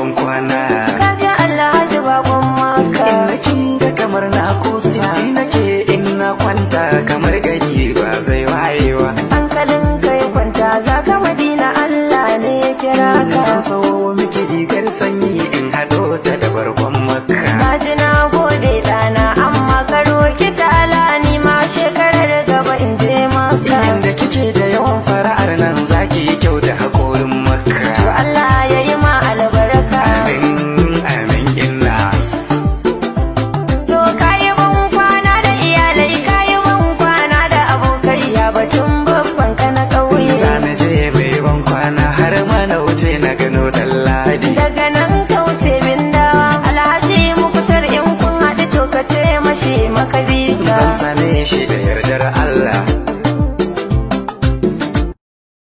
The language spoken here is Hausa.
ban kwana kaji alhaji bakon maka in na kinga kamar na kusa ji nake in na kwanta kamar gari ba zai wayewa hankalin kai kwanta za ka madina allah ne ya kira ka zan so miki rigar sanyi in hado ta da barkon maka Kano dan Ladi. Daga nan kauce min dawa Alhaji Muktar in kun haɗu to ka ce mashi Zan sane shi da yardar Allah.